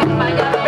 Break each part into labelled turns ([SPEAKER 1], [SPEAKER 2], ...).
[SPEAKER 1] España.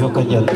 [SPEAKER 1] jokka jël